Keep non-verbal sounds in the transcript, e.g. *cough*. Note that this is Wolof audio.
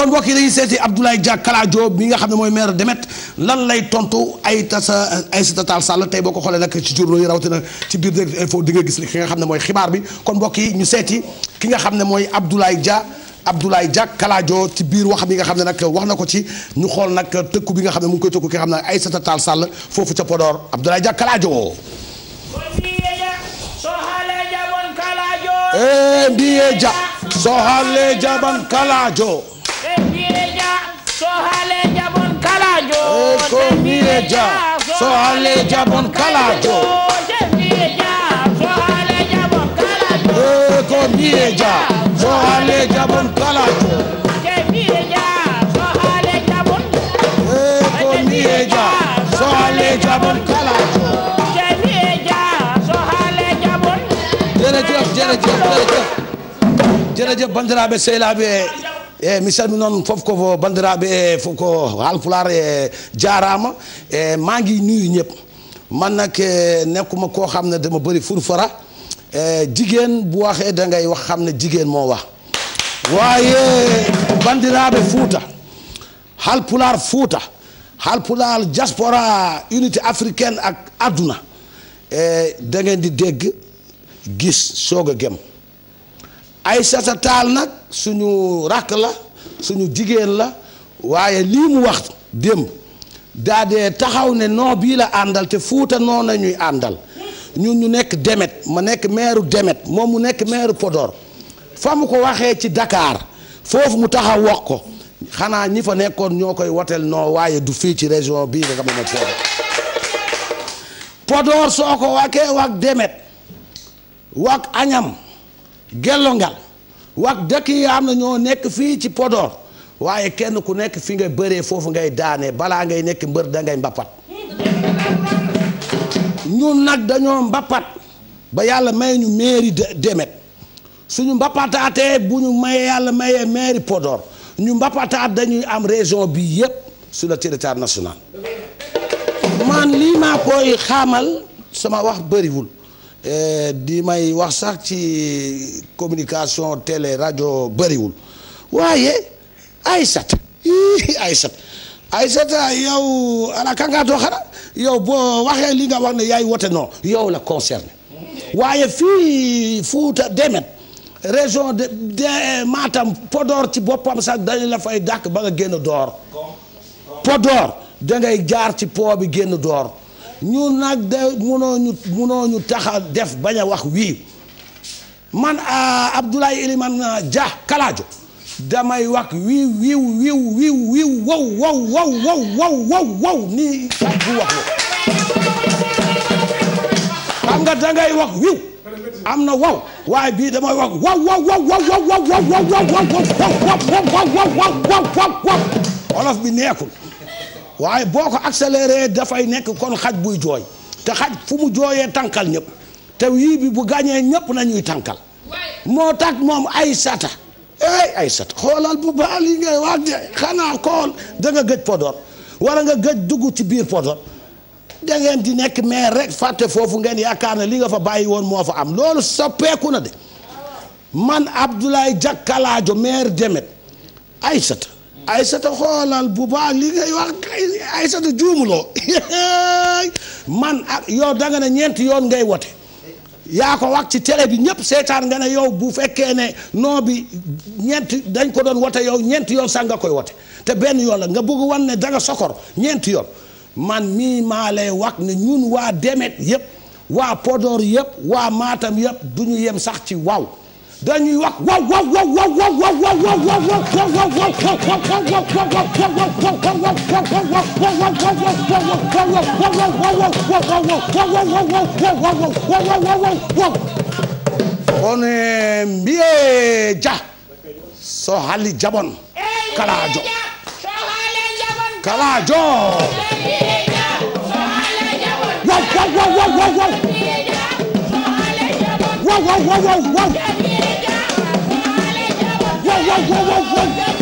kon mbokk yi dañuy seeti Abdoulaye Dia Kala Diop bi nga xam ne mooy maire Demet lan lay tontu Aïssata Aïssata Tall Sall tey boo ko xoolee nak ci journaux yi rawatina ci biir Direct di nga gis li ki nga xam ne mooy xibaar bi kon mbokk yi ñu seeti ki nga xam ne mooy Abdoulaye Dia Abdoulaye Dia Kala Diop ci biir wax bi nga xam ne nag wax na ko ci ñu xool nag tëkku bi nga xam ne mu koy tëkku ki nga xam ne Aïssata Tall Sall foofu ca Podor Abdoulaye Dia Kala Diop eh, mbiye dia sohale jaban kalajo sohale jabon kalajo eh, jembire ja sohale jabon kalajo jembire eh, ja sohale jabon kalajo e ko mire ja sohale jabon eh, kalajo jembire ja sohale jabon e ko mire ja sohale jabon kalajo jembire ja sohale jabon jërëjëf jërëjëf jërëjëf jërëjëf bandiraɓe sehlaaɓe e mi salmini foofu fof ko bandiraɓe e fof ko halpular e jarama e maagui nuyu ñëpp man nag e, nekkuma koo xam ne dama bëri furfara e jigéen bu waxee dangay wax xam ne jigéen moo wax waaye bandiraɓe fuuta halpular fuuta halpular diaspora unité africaine ak adduna e, da ngeen di dégg gis soog a gem Aïssata Tall nag suñu rakk la suñu jigéen la waaye lii mu wax démb daa taxaw ne noo bii la àndal te fuuta noo na ñuy àndal ñun ñu nekk Demet ma nekk meeru Demet moom mu nekk meeru Podor fa mu ko waxee ci dakaar foofu mu taxaw wax ko xanaa ñi fa nekkoon ñoo koy woteel noo waaye du fii ci région bii nga xam ne Podor Podor soo ko waxee wax Demet wax Añam gellongal wax dëkk yi am na ñoo nekk fii ci Podor waaye kenn ku nekk fi nga bëree foofu ngay daane balaa ngay nekk mbër dangay ngay mbappat ñun nag dañoo mbappat ba yàlla may ñu mairie Démette suñu mbappataatee bu ñu mayee yàlla mayee mairie Podor ñu mbappataat dañuy am région bi yépp sur le territoire national man lii maa koy xaamal sama wax bariwul Eh, di may wax sax ci communication télé rajo bëriwul waaye Aïssata Aïssata sat yow ana kangaatoo xana yow boo waxee li nga wax ne yaay wote non yow la concerné waaye fii Fuuta demet région de de Matam ci boppam sax dañ la fay dàkk ba nga génn door Podor da ngay jaar ci po bi génn door ñu nag de munoo ñu munoo ñu tax a def bañ a wax wii man Abdoulaye Elimane Dia Kalajo damay wax wii wiiw wiiw wiiw wiiw wow wow wow wow wow wow wow nii ak bu wax la xam nga dangay wax wiiw am na wow waaye bii damay wax wow wow wow wow wow wow wow wow wow wow wow wow wow wow wow wow wow wow wow wolof bi neexul waaye boo ko accéléré dafay nekk kon xaj buy jooy te xaj fu mu jooyee tànkal ñëpp te yii bi bu gàñee ñëpp nañuy tànkal moo tax moom ay sata ay ay sata xoolal bu baax li ngay wax de xanaa kool danga nga gëj Podor wala nga gëj dugg ci biir Podor da ngeen di nekk mais rek fàtte foofu ngeen yaakaar ne li nga fa bàyyi woon moo fa am loolu soppeeku na de man Abdoulaye Jakkalaajo maire Demet ay sata ay Aysata xoolal bu baax li ngay wax Aysata juumuloo *laughs* man ak yow danga nga ne ñeenti yoon ngay wote yaa ko wax ci télé bi ñëpp seetaan nga ne yow bu fekkee ne non bi ñeenti dañ ko doon wote yow ñeenti yoon sax nga koy wote te benn yoon la nga bëgg wan ne danga sokor ñeenti yoon man mii maa lay wax ne ñun waa Demet yëpp waa podoor yëpp waa maatam yëpp du ñu yem sax ci waaw. dañuy wax waaw waaw waaw waaw waaw waaw waaw waaw waaw waaw waaw waaw waaw waaw one mbiye ja so haali jaɓon kalaajo kalaajo waaw waaw waaw waaw waaw waaw waaw waaw waaw wow, wow, wow, wow, wow.